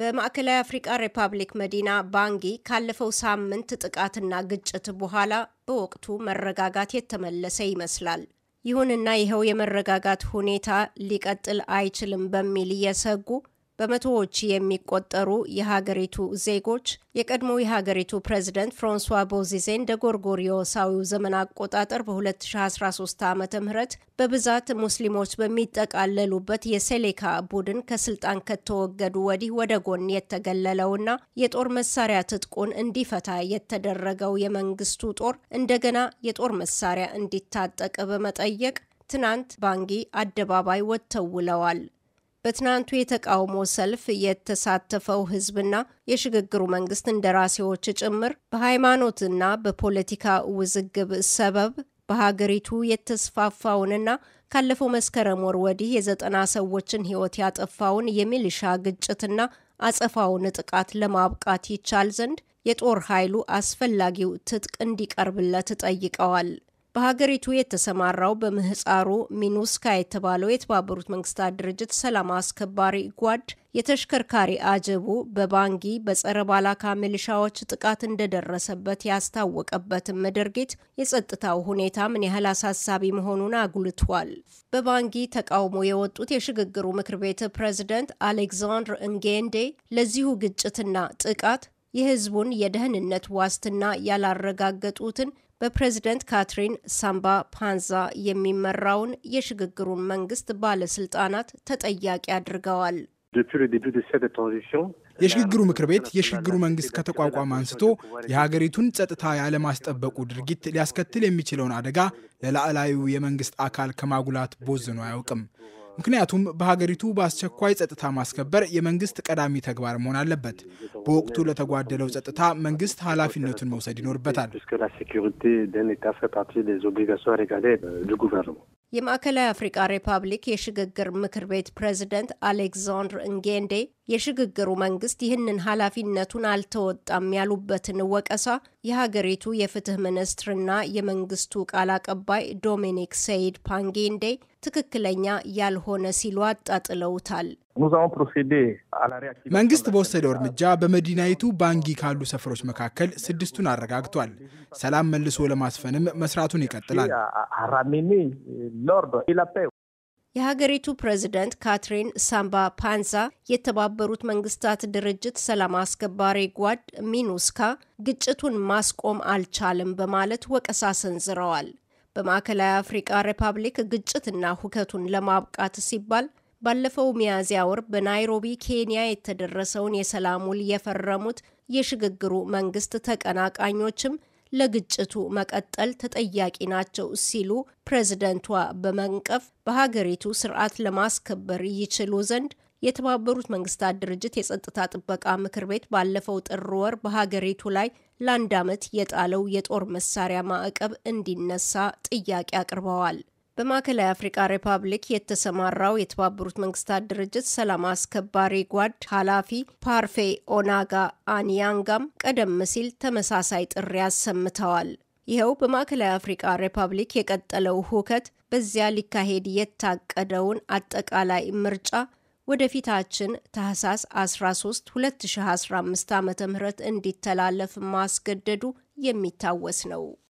በማዕከላዊ አፍሪካ ሪፐብሊክ መዲና ባንጊ ካለፈው ሳምንት ጥቃትና ግጭት በኋላ በወቅቱ መረጋጋት የተመለሰ ይመስላል። ይሁንና ይኸው የመረጋጋት ሁኔታ ሊቀጥል አይችልም በሚል እየሰጉ በመቶዎች የሚቆጠሩ የሀገሪቱ ዜጎች የቀድሞ የሀገሪቱ ፕሬዝደንት ፍራንሷ ቦዚዜን እንደ ጎርጎሪዮሳዊው ዘመን አቆጣጠር በ2013 ዓ ም በብዛት ሙስሊሞች በሚጠቃለሉበት የሴሌካ ቡድን ከስልጣን ከተወገዱ ወዲህ ወደ ጎን የተገለለውና የጦር መሳሪያ ትጥቁን እንዲፈታ የተደረገው የመንግስቱ ጦር እንደገና የጦር መሳሪያ እንዲታጠቅ በመጠየቅ ትናንት ባንጊ አደባባይ ወጥተው ውለዋል። በትናንቱ የተቃውሞ ሰልፍ የተሳተፈው ህዝብና የሽግግሩ መንግስት እንደራሴዎች ጭምር በሃይማኖትና በፖለቲካ ውዝግብ ሰበብ በሀገሪቱ የተስፋፋውንና ካለፈው መስከረም ወር ወዲህ የዘጠና ሰዎችን ህይወት ያጠፋውን የሚሊሻ ግጭትና አጸፋውን ጥቃት ለማብቃት ይቻል ዘንድ የጦር ኃይሉ አስፈላጊው ትጥቅ እንዲቀርብለት ጠይቀዋል። በሀገሪቱ የተሰማራው በምህፃሩ ሚኑስካ የተባለው የተባበሩት መንግስታት ድርጅት ሰላም አስከባሪ ጓድ የተሽከርካሪ አጀቡ በባንጊ በጸረ ባላካ ሚሊሻዎች ጥቃት እንደደረሰበት ያስታወቀበትም ድርጊት የጸጥታው ሁኔታ ምን ያህል አሳሳቢ መሆኑን አጉልቷል። በባንጊ ተቃውሞ የወጡት የሽግግሩ ምክር ቤት ፕሬዝደንት አሌክዛንድር እንጌንዴ ለዚሁ ግጭትና ጥቃት የህዝቡን የደህንነት ዋስትና ያላረጋገጡትን በፕሬዝደንት ካትሪን ሳምባ ፓንዛ የሚመራውን የሽግግሩን መንግስት ባለስልጣናት ተጠያቂ አድርገዋል። የሽግግሩ ምክር ቤት የሽግግሩ መንግስት ከተቋቋመ አንስቶ የሀገሪቱን ጸጥታ ያለማስጠበቁ ድርጊት ሊያስከትል የሚችለውን አደጋ ለላዕላዊው የመንግስት አካል ከማጉላት ቦዝኖ አያውቅም። ምክንያቱም በሀገሪቱ በአስቸኳይ ጸጥታ ማስከበር የመንግስት ቀዳሚ ተግባር መሆን አለበት። በወቅቱ ለተጓደለው ጸጥታ መንግስት ኃላፊነቱን መውሰድ ይኖርበታል። የማዕከላዊ አፍሪቃ ሪፐብሊክ የሽግግር ምክር ቤት ፕሬዚደንት አሌክዛንድር እንጌንዴ የሽግግሩ መንግስት ይህንን ኃላፊነቱን አልተወጣም ያሉበትን ወቀሳ የሀገሪቱ የፍትህ ሚኒስትርና የመንግስቱ ቃል አቀባይ ዶሚኒክ ሰይድ ፓንጌንዴ ትክክለኛ ያልሆነ ሲሉ አጣጥለውታል። መንግስት በወሰደው እርምጃ በመዲናይቱ ባንጊ ካሉ ሰፈሮች መካከል ስድስቱን አረጋግቷል። ሰላም መልሶ ለማስፈንም መስራቱን ይቀጥላል። euh, የሀገሪቱ ፕሬዚደንት ካትሪን ሳምባ ፓንዛ የተባበሩት መንግስታት ድርጅት ሰላም አስከባሪ ጓድ ሚኑስካ ግጭቱን ማስቆም አልቻልም በማለት ወቀሳ ሰንዝረዋል። በማዕከላዊ አፍሪቃ ሪፐብሊክ ግጭትና ሁከቱን ለማብቃት ሲባል ባለፈው ሚያዝያ ወር በናይሮቢ ኬንያ የተደረሰውን የሰላም ውል የፈረሙት የሽግግሩ መንግስት ተቀናቃኞችም ለግጭቱ መቀጠል ተጠያቂ ናቸው ሲሉ ፕሬዝደንቷ በመንቀፍ በሀገሪቱ ስርዓት ለማስከበር ይችሉ ዘንድ የተባበሩት መንግስታት ድርጅት የጸጥታ ጥበቃ ምክር ቤት ባለፈው ጥር ወር በሀገሪቱ ላይ ለአንድ ዓመት የጣለው የጦር መሳሪያ ማዕቀብ እንዲነሳ ጥያቄ አቅርበዋል። በማዕከላዊ አፍሪካ ሪፐብሊክ የተሰማራው የተባበሩት መንግስታት ድርጅት ሰላም አስከባሪ ጓድ ኃላፊ ፓርፌ ኦናጋ አንያንጋም ቀደም ሲል ተመሳሳይ ጥሪ አሰምተዋል። ይኸው በማዕከላዊ አፍሪካ ሪፐብሊክ የቀጠለው ሁከት በዚያ ሊካሄድ የታቀደውን አጠቃላይ ምርጫ ወደፊታችን ታህሳስ 13 2015 ዓ ም እንዲተላለፍ ማስገደዱ የሚታወስ ነው።